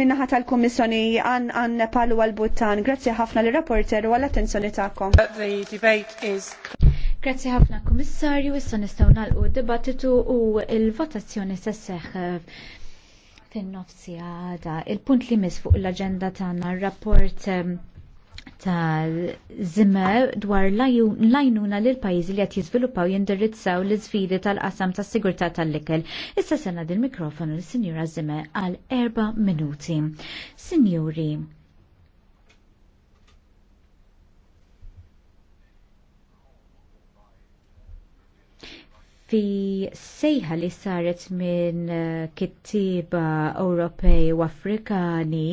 minnaħat tal-Komissjoni għan għan palu għal-Bhutan. Grazzi ħafna l rapporter u għall-attenzjoni ta'kom. Grazzi ħafna Komissarju, issa nagħlqu d dibattitu u l votazzjoni s-seħ fin-nofsi għada. Il-punt li mis fuq l-agenda tagħna r-rapport tal-Zimmer dwar lajnuna lil pajjiżi li qed jiżviluppaw jindirizzaw l-iżfidi tal-qasam tas-sigurtà tal likel Issa sena din mikrofonu l-Sinjura Zimmer għal erba' minuti. Sinjuri, fi sejħa li saret minn uh, kittiba Ewropej u Afrikani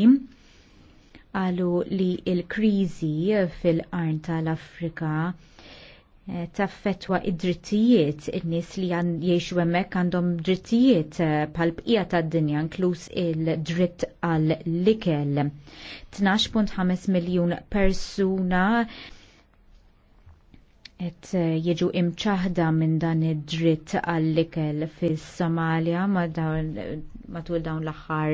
għalu li il-krizi fil-qarn tal-Afrika eh, taffetwa id-drittijiet, in-nies li jiexu hemmhekk għandhom drittijiet bħal eh, bqija tad-dinja inkluż il-dritt għal likel. 12.5 miljun persuna et eh, jiġu imċaħda minn dan id-dritt għall-ikel fis somalia ma dawn matul dawn l-aħħar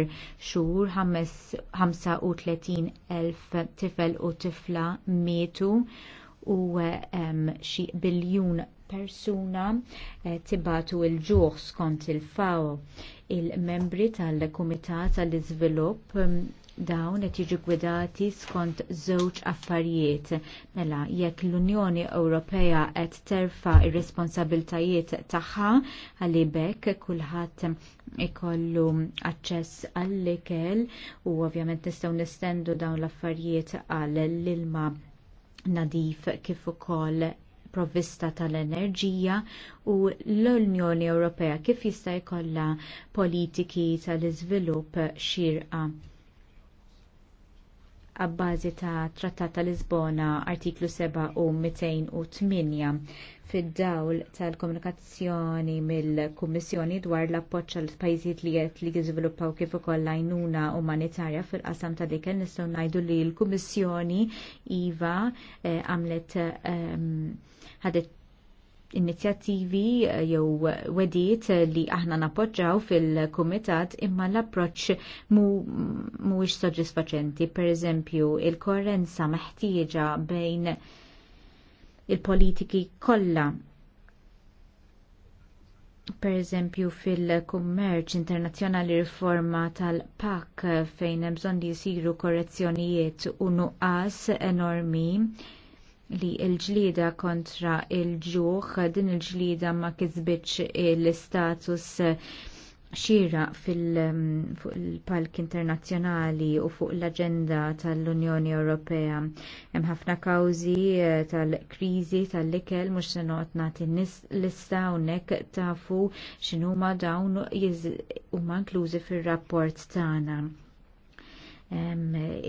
xhur 35,000 tifel u tifla mietu u xi biljun persuna eh, tibatu il-ġuħ skont il-FAO. Il-membri tal-Kumitat tal-Iżvilupp dawn qed jiġu gwidati skont żewġ affarijiet. Mela, jekk l-Unjoni Ewropea qed terfa' ir-responsabiltajiet tagħha għalibek kulħadd ikollu aċċess għall-ikel u ovvjament nistgħu nistendu dawn l-affarijiet għal l-ilma nadif kif ukoll provvista tal-enerġija u l-Unjoni Ewropea kif jista' jkollha politiki tal-iżvilupp xirqa għabbażi ta' Trattat ta' Lisbona artiklu 7 u 208 fid-dawl tal-komunikazzjoni mill-Kummissjoni dwar l appoċċ għal pajjiżiet li qed li jiżviluppaw kif ukoll għajnuna umanitarja fil-qasam ta' dik nistgħu ngħidu li l-Kummissjoni iva eh, għamlet ehm, ħadet inizjattivi eh, jew wedijiet li aħna napoġġaw fil-kumitat imma l-approċ mhuwiex soddisfaċenti. Per eżempju, il-korrenza meħtieġa bejn il-politiki kollha per eżempju fil-kummerċ internazzjonali riforma tal-PAK fejn hemm bżonn li jsiru korrezzjonijiet u nuqqas enormi li l-ġlieda kontra il-ġuħ din il-ġlieda ma kisbitx l-istatus xira um, fuq il-palk internazzjonali u fuq l aġenda tal-Unjoni Ewropea. Hemm ħafna kawżi eh, tal-kriżi tal-ikel mhux se noqgħod nagħti lista hawnhekk tafu x'inhuma dawn huma inklużi fir-rapport tagħna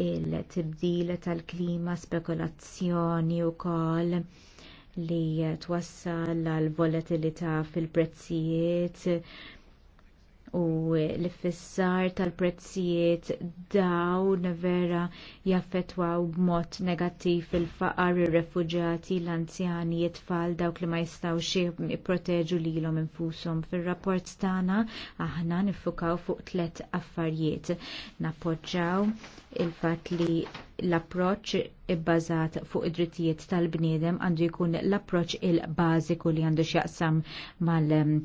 il-tibdil tal-klima, spekulazzjoni wkoll li twassal għall volatilità fil-prezzijiet u l-fissar tal-prezzijiet dawn vera jaffettwaw b'mod negattiv il-faqar ir-refuġjati, l-anzjani, it-tfal dawk li ma jistgħux jipproteġu lilhom infushom. Fir-rapport tagħna aħna niffukaw fuq tliet affarijiet. Nappoġġaw il-fatt li l-approċċ ibbażat fuq id-drittijiet tal-bniedem għandu jkun l-approċċ il-bażiku li għandu x'jaqsam mal-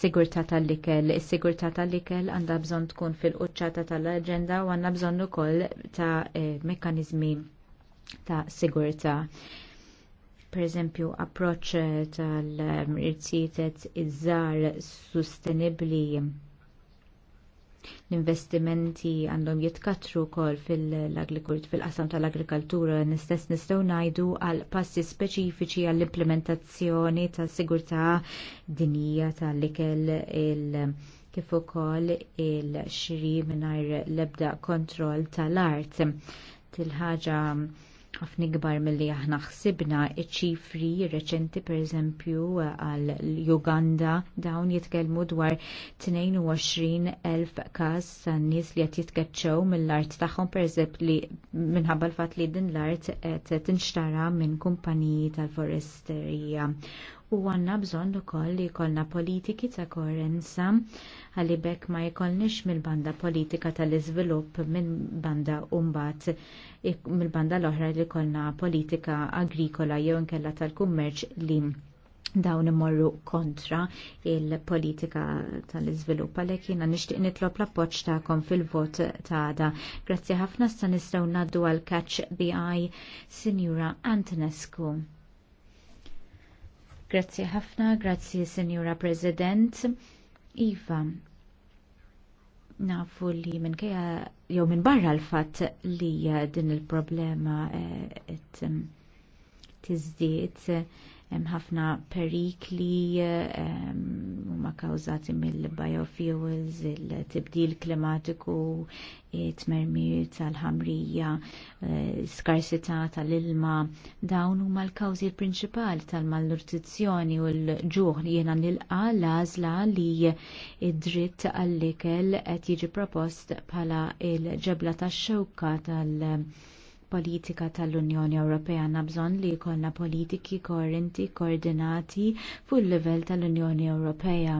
sigurtà tal-ikel. Is-sigurtà tal-ikel għandha bżonn tkun fil-quċċata tal-aġenda u għandna bżonn ukoll ta' eh, mekkaniżmi ta' sigurtà. Per eżempju, approċċ tal-irsitet iż-żar sostenibbli L-investimenti għandhom jitkatru kol fil qasam tal-agrikoltura nistess nistgħu ngħidu għal passi speċifiċi għall implementazzjoni tas sigurtà dinija tal likel il- kif ukoll il-xiri mingħajr l-ebda kontroll tal-art. Til-ħaġa ħafna kbar milli aħna ħsibna ċifri reċenti pereżempju għal Uganda dawn jitkellmu dwar 22,000 każ ta' nies li qed jitkeċċew mill-art tagħhom pereżemp li minħabba l-fatt li din l-art qed tinxtara minn kumpaniji tal-foresterija u għanna bżonn ukoll li jkollna politiki ta' koerenza għalli bekk ma jkollniex mill-banda politika tal-iżvilupp minn banda umbat mill-banda l-oħra li jkollna politika agrikola jew nkella tal-kummerċ li dawn imorru kontra il-politika tal-iżvilupp għalhekk jiena nixtieq nitlob l-appoġġ tagħkom fil-vot ta' għada. Grazzi ħafna sta nistgħu ngħaddu għal catch BI Sinjura Antonescu. Grazzi ħafna, grazzi Senjura President. Iva, nafu li minn kajja jew minn barra l-fatt li eh, din il-problema qed eh, mm, tiżdied hemm ħafna perikli huma kawżati mill-biofuels, il-tibdil klimatiku, it-tmermir tal-ħamrija, eh, skarsità tal-ilma, dawn huma l-kawżi prinċipali tal-malnutrizzjoni u l-ġuħ li jiena nilqa l-għażla li id-dritt għall-ikel qed jiġi propost bħala il-ġebla tax-xewka tal- politika tal-Unjoni Ewropea għandna bżonn li jkollna politiki koerenti, koordinati fuq il-livell tal-Unjoni Ewropea.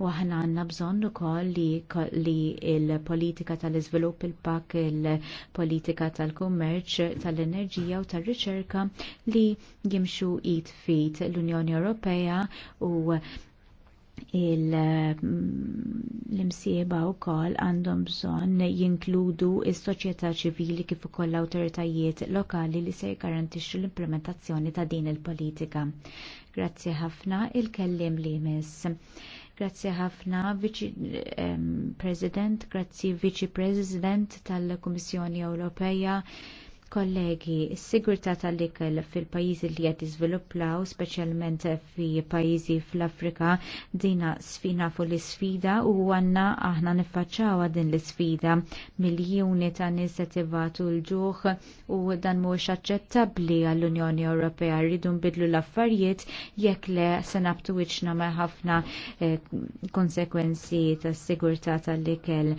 U aħna għandna bżonn ukoll li l-politika tal-iżvilupp il-pak il-politika tal-kummerċ tal-enerġija u tar-riċerka li jimxu id fit l-Unjoni Ewropea u Mm, l-imsieba u kol għandhom bżon jinkludu il soċjetà ċivili kif ukoll l-awtoritajiet lokali li se jgarantixxu l-implementazzjoni ta' din il-politika. Grazzi ħafna il-kellim li jmiss. Grazzi ħafna, President, grazzi Viċi President tal-Kummissjoni Ewropeja Kollegi, s-sigurta tal-ikel fil-pajizi li għed izviluplaw, specialment fi pajizi fl-Afrika, dina sfina fu l-sfida u għanna aħna nifacċawa din l-sfida. Miljoni ta' nizzativat u l-ġuħ u dan mux aċċettabli għall-Unjoni Ewropea rridu nbidlu l-affarijiet jekk le senabtu iċna ma' ħafna eh, konsekwenzi ta' s-sigurta tal-ikel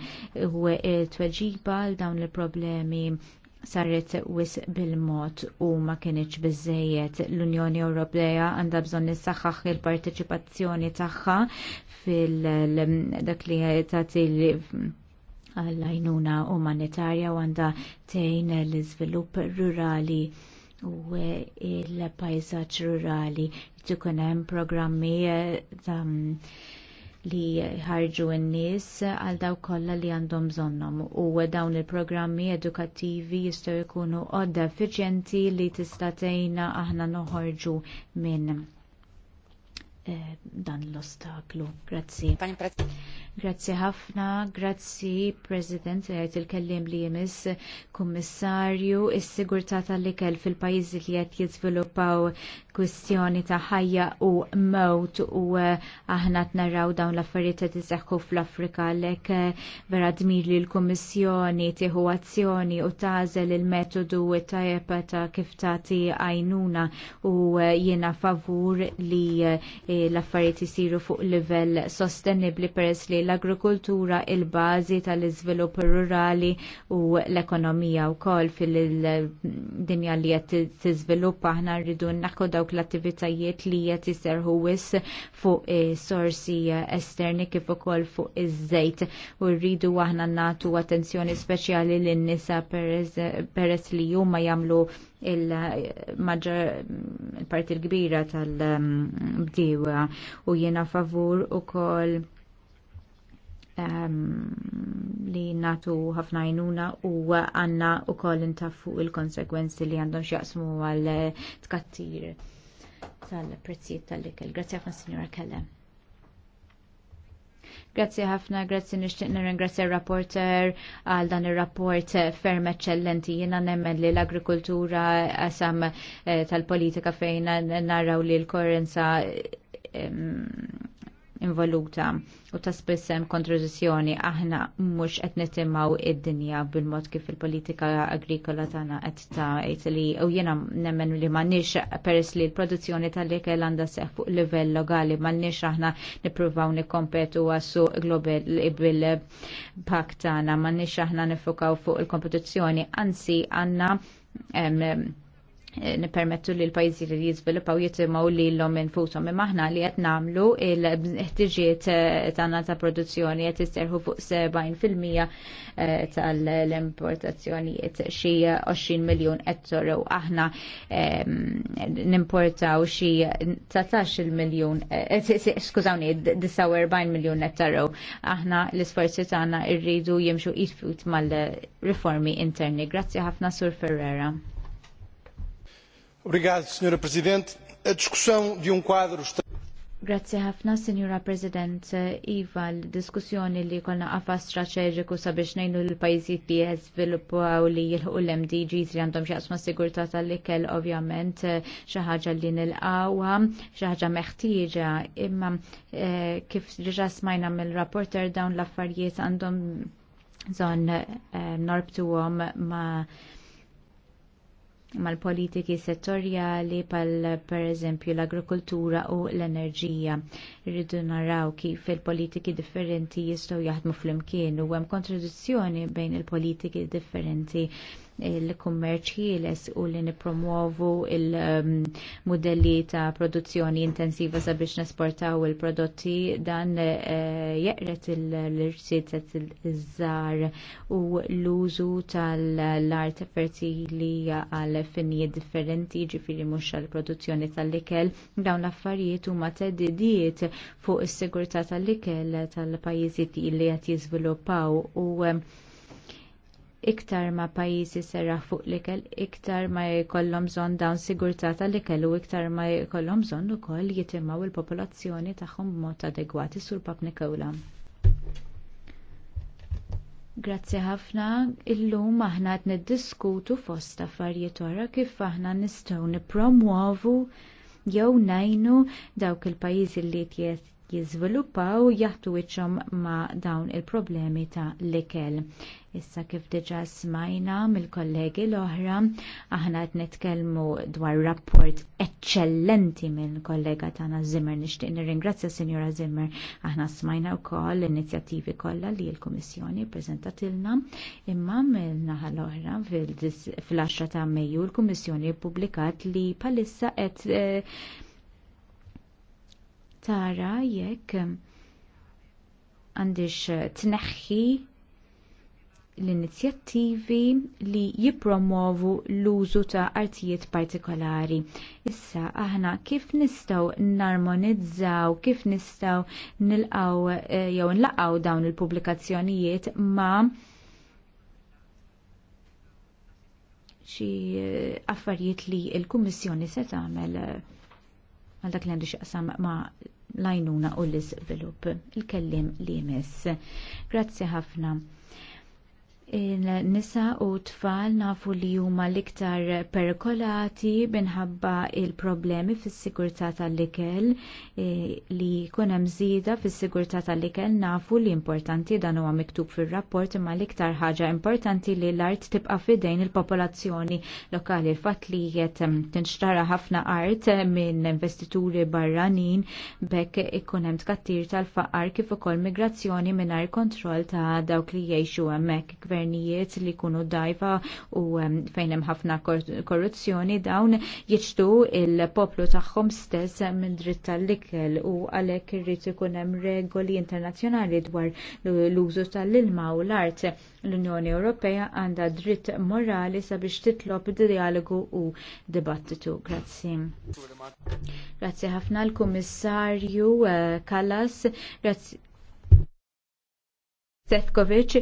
u t-tweġiba eh, l-dawn il-problemi sarret wis bil-mod u ma kienieċ biżżejjed l-Unjoni Ewropea għandha bżonn nissaħħaħ il-partiċipazzjoni tagħha fil-dak li tagħti l-għajnuna umanitarja u għandha tgħin l-iżvilupp rurali u il pajsaġġ rurali. Tkun hemm programmi ta' li ħarġu n-nies għal daw kollha li għandhom bżonnhom u dawn il-programmi edukattivi jistgħu jkunu għodda effiċjenti li tista' tgħinna aħna noħorġu minn eh, dan l-ostaklu. Grazzi. Grazzi ħafna, grazzi President, għajt il-kellim li jemis kummissarju, is-sigurtà tal-ikel fil-pajizi li għet jizvilupaw kwistjoni ta' ħajja u mewt u eh, aħna t-naraw dawn l-affarijiet qed iseħħu fl-Afrika għalhekk eh, vera dmir li l-Kummissjoni tieħu azzjoni u tażel il-metodu tajjeb ta' kif tagħti għajnuna u eh, jiena favur li l-affarijiet isiru fuq livell sostenibbli peress li l-agrikoltura il-bażi tal-iżvilupp rurali u l-ekonomija wkoll fil-dinja li qed tiżviluppa aħna rridu naħku dawk l-attivitajiet li qed iserħu wis fuq sorsi esterni kif ukoll fuq iż-żejt u rridu aħna nagħtu attenzjoni speċjali lin-nisa peress li huma jagħmlu il-maġġor parti l-kbira tal bdiwa u jiena favur ukoll li natu ħafna jnuna u għanna u koll fuq il-konsekwenzi li għandhom xjaqsmu għal tkattir tal-prezzijiet tal likel Grazie ħafna, Signora Kellem. Grazie ħafna, grazie nishtiqna ringrazzja rapporter għal dan il-rapport ferm eccellenti. Jena nemmen li l-agrikultura qasam eh, tal-politika fejn narraw li l-korrenza involuta u ta' spessem kontradizzjoni aħna mhux qed nitimgħu id-dinja bil-mod kif il-politika agrikola tagħna qed tgħid li u jiena nemmen li m'għandniex peress li l-produzzjoni tal-ikel għandha seħħ fuq livell lokali m'għandniex aħna nippruvaw nikkompetu għassu global bil-pak tagħna m'għandniex aħna nifukaw fuq il-kompetizzjoni anzi għandna Eh, nipermettu li l-pajzi li jizviluppaw jitimaw li l-lom infusom imma ħna li qed nagħmlu il-ħtiġiet eh, tagħna ta' produzzjoni qed isterħu fuq 70% eh, tal-importazzjonijiet xie 20 miljun ettoro aħna ehm, nimportaw xi 13 miljun skużawni 49 miljun u aħna l-isforzi tagħna rridu jimxu jitfut mal-riformi interni. Grazzi ħafna Sur Ferrera. Um Grazzi ħafna, Signora President, Iva, l-diskussjoni li jkollna għafas strateġiku sabiex nejnu l-pajzi li jizviluppaw li jilħu l-MDGs li għandhom xaqsma sigurta tal-ikel, ovvjament, xaħġa li nil xi xaħġa meħtieġa, imma eh, kif diġà smajna mill-rapporter dawn l-affarijiet għandhom zon eh, norbtu ma' mal-politiki settorjali pal per eżempju l-agrikoltura u l-enerġija. Rridu naraw kif il-politiki differenti jistgħu jaħdmu flimkien u hemm kontradizzjoni bejn il-politiki differenti il-kummerċ ħieles u li nipromuovu il-modelli ta' produzzjoni intensiva sabiex nesportaw il-prodotti dan eh, jeqret l ta' iż-żar u l-użu tal-art fertili għal finijiet differenti ġifiri mux għal produzzjoni tal-ikel dawn l-affarijiet u ma' teddidiet fuq is-sigurtà tal-ikel tal-pajjiżi li qed jiżviluppaw u eh, iktar ma pajjiżi serraħ fuq l-ikel, iktar ma jkollhom bżonn dawn sigurtà tal-ikel u iktar ma jkollhom bżonn ukoll jitimgħu l popolazzjoni tagħhom b'mod adegwati sur papnikola. Grazzi ħafna, illum aħna qed niddiskutu fost affarijiet oħra kif aħna nistgħu nippromuovu jew ngħinu dawk il-pajjiżi li qed jiżviluppaw jaħtu wiċċhom ma' dawn il-problemi ta' l-ikel. Issa kif diġà smajna mill-kollegi l-oħra, aħna qed nitkellmu dwar rapport eċċellenti minn kollega tagħna Zimmer nixtieq nirringrazzja Sinjora Zimmer. Aħna smajna wkoll l-inizjattivi kollha li l-Kummissjoni ppreżentatilna imma mill-naħa l-oħra fil-10 ta' Mejju l-Kummissjoni ppubblikat li palissa qed eh, tara jekk um, għandix uh, tneħħi l-inizjattivi li jippromovu l-użu ta' artijiet partikolari. Issa aħna kif nistgħu narmonizzaw, kif nistgħu nilqaw uh, jew nlaqgħu dawn il-pubblikazzjonijiet ma' xi uh, affarijiet li l-Kummissjoni se tagħmel għal dak li għandu xaqsam ma lajnuna u l-izvilup. Il-kellim li jmiss. Grazzi ħafna. Il-nisa u tfal nafu li huma l-iktar perkolati minħabba il-problemi fis-sigurtà tal-ikel e, li jkun hemm żieda fis-sigurtà tal-ikel nafu li importanti dan huwa miktub fir-rapport imma l-iktar ħaġa importanti li l-art tibqa' fidejn il-popolazzjoni lokali il-fatt li qed tinxtara ħafna art minn investituri barranin bekk ikun hemm tkattir tal-faqar kif ukoll migrazzjoni mingħajr kontroll ta' dawk li jgħixu hemmhekk gvernijiet li kunu dajfa u fejn hemm ħafna korruzzjoni dawn jiġtu il-poplu tagħhom stess minn dritt tal-ikel u għalhekk irrid ikun hemm regoli internazzjonali dwar l-użu tal-ilma u l-art. L-Unjoni Ewropea għandha dritt morali sabiex titlob dialogu u dibattitu. Grazzi. Grazzi ħafna l-Kummissarju eh, Kallas. Grazzi Stefkovic,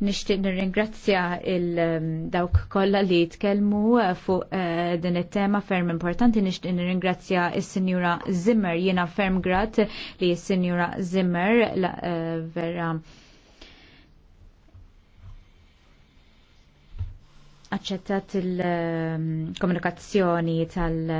nishtiq nirringrazzja il-dawk um, kolla li tkellmu uh, fuq uh, din it-tema ferm importanti, nishtiq nirringrazzja il-Sinjura Zimmer, jena ferm grat li il-Sinjura Zimmer la, uh, vera accettat il-komunikazzjoni um, tal-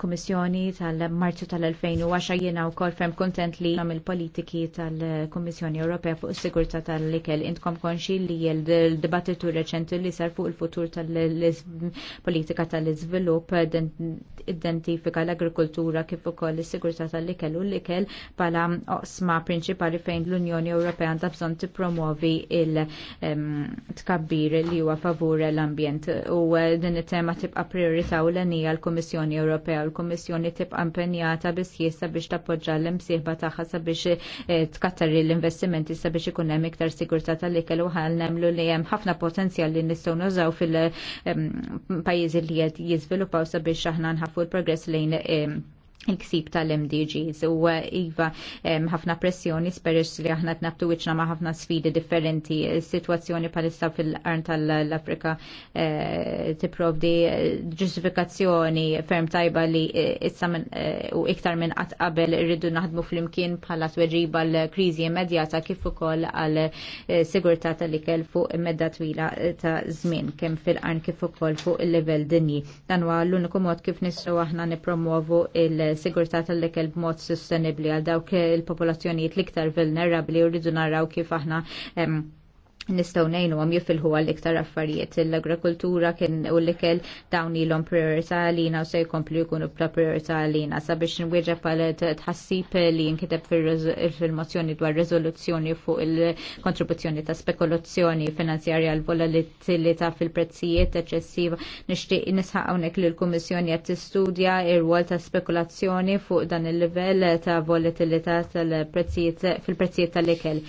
kummissjoni tal-Marzu tal-2010 jiena wkoll fem kontent li għam il-politiki tal-Kummissjoni Ewropea fuq is-sigurtà tal-ikel intkom konxi li l-dibattitu reċenti li sar fuq il-futur tal-politika tal-iżvilupp identifika l-agrikoltura kif ukoll is-sigurtà tal-ikel u l-ikel bħala oqsma prinċipali fejn l-Unjoni Ewropea għandha bżonn tippromovi il-tkabbir li huwa favur l-ambjent u eh, din it-tema tibqa' priorità u l-għanija l-Kummissjoni Ewropea u l-Kommissjoni tibqa' impenjata biss sabiex tappoġġa l-imsieħba tagħha sabiex eh, tkattar l-investimenti sabiex ikun hemm iktar sigurtà tal-ikel u ħal nemlu li hemm ħafna potenzjal li nistgħu nużaw fil-pajjiżi eh, li qed jiżviluppaw sabiex aħna nħaffu l-progress lejn eh, il-ksib tal-MDGs u uh, Iva ħafna pressjoni speriex li aħna t-nabtu wiċna ma ħafna sfidi differenti situazzjoni palissa fil-qarn tal-Afrika eh, t-provdi eh, ġustifikazzjoni ferm tajba li eh, issa u iktar minn qatt qabel rridu naħdmu fl-imkien bħala tweġiba l-kriżi immedjata kif ukoll għal sigurtà tal-ikel fuq medda twila ta' żmien kemm fil-qarn kif ukoll fuq il-livell dinji. Dan huwa l-uniku mod kif nistgħu aħna nippromovu il- sigurtà tal-ikel b'mod sostenibbli għal dawk il-popolazzjonijiet l-iktar vulnerabbli u rridu naraw kif aħna nistaw nejnu għam jifilħu għall-iktar affarijiet l-agrikultura kien u l-ikel dawni l-om priorità għalina u se jkomplu jkunu bla priorità għalina sabiex nwieġa pal tħassib li jinkiteb fil-mozzjoni dwar rezoluzzjoni fuq il-kontribuzzjoni ta' spekulazzjoni finanzjarja l-volatilità fil-prezzijiet eċessiva nishtiq nisħaq hawnhekk li l-Kummissjoni qed tistudja ir-rwol ta' spekulazzjoni fuq dan il-livell ta' volatilità tal-prezzijiet fil-prezzijiet tal-ikel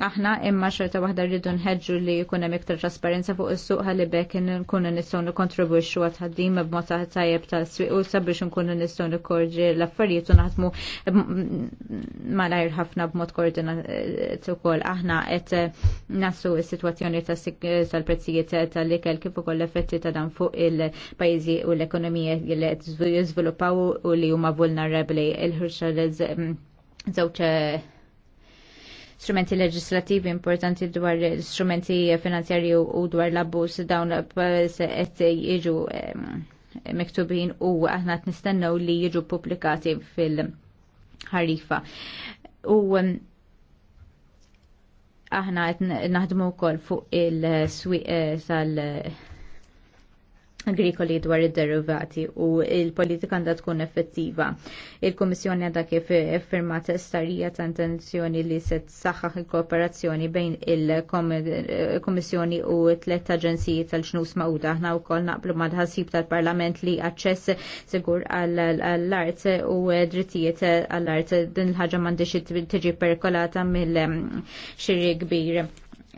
aħna imma xorta waħda rridu nħedġu li jkun hemm iktar trasparenza fuq is-suq għalli bekk nkunu nistgħu nikontribwixxu għad ħaddim b'mod tajjeb tas-swieq u sabiex nkunu nistgħu nikkorġi l-affarijiet u naħdmu malajr ħafna b'mod koordinat ukoll aħna qed nassu s-sitwazzjoni tal-prezzijiet tal-ikel kif ukoll l-effetti ta' dan fuq il-pajjiżi u l-ekonomija li qed jiżviluppaw u li huma vulnerabbli il-ħirxa żewġ strumenti leġislativi importanti dwar strumenti finanzjarji u dwar l-abbus dawn qed jiġu miktubin u aħna qed nistennew li jiġu pubblikati fil-ħarifa. U aħna qed naħdmu wkoll fuq il-swieq eh, tal- agrikoli dwar id-derivati u il-politika għandha tkun effettiva. Il-Kummissjoni għandha kif firmat starija ta' intenzjoni li se tsaħħaħ il-kooperazzjoni bejn il-Kummissjoni u tlet aġenziji tal-ġnus mawda. Aħna wkoll naqblu madħasib tal-Parlament li aċċess sigur għall-art u drittijiet għall-art din il-ħaġa m'għandix tiġi perkolata mill-xiri kbir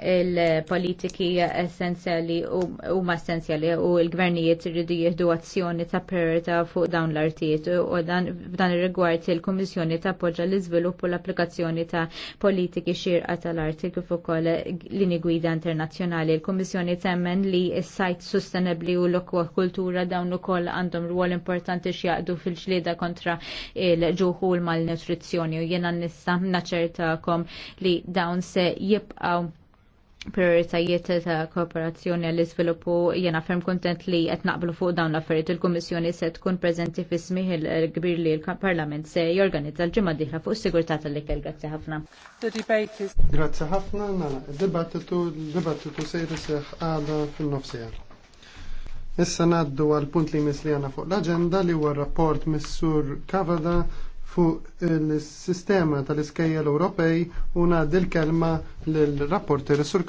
il-politiki essenzjali huma essenzjali u l-gvernijiet irridu jieħdu azzjoni ta' priorità fuq dawn l-artijiet u dan f'dan ir-rigward il-Kummissjoni Poġġa l-iżvilupp u l-applikazzjoni ta' politiki xirqa tal-arti kif ukoll lini gwida internazzjonali. Il-Kummissjoni temmen li s-sajt sustenibli u l kultura dawn ukoll għandhom rwol importanti x'jaqdu fil-ġlieda kontra il-ġuħu l-malnutrizzjoni u jiena nista' naċertakom li dawn se jibqgħu prioritajiet ta' kooperazzjoni għall iżviluppu jena ferm kontent li qed naqblu fuq dawn l-affarijiet il-Kummissjoni se tkun preżenti fi smih il-kbir li l-Parlament se jorganizza l-ġimgħa diħla fuq is-sigurtà tal-ikel. Grazzi ħafna. Grazzi ħafna, nara. Dibattitu dibattitu sejr seħ għada fin-nofsija. Issa naddu għal punt li misli għana fuq l-agenda li huwa rapport missur Kavada fuq il-sistema tal-iskejjel Ewropej u ngħaddi l-kelma lill rapporter Sur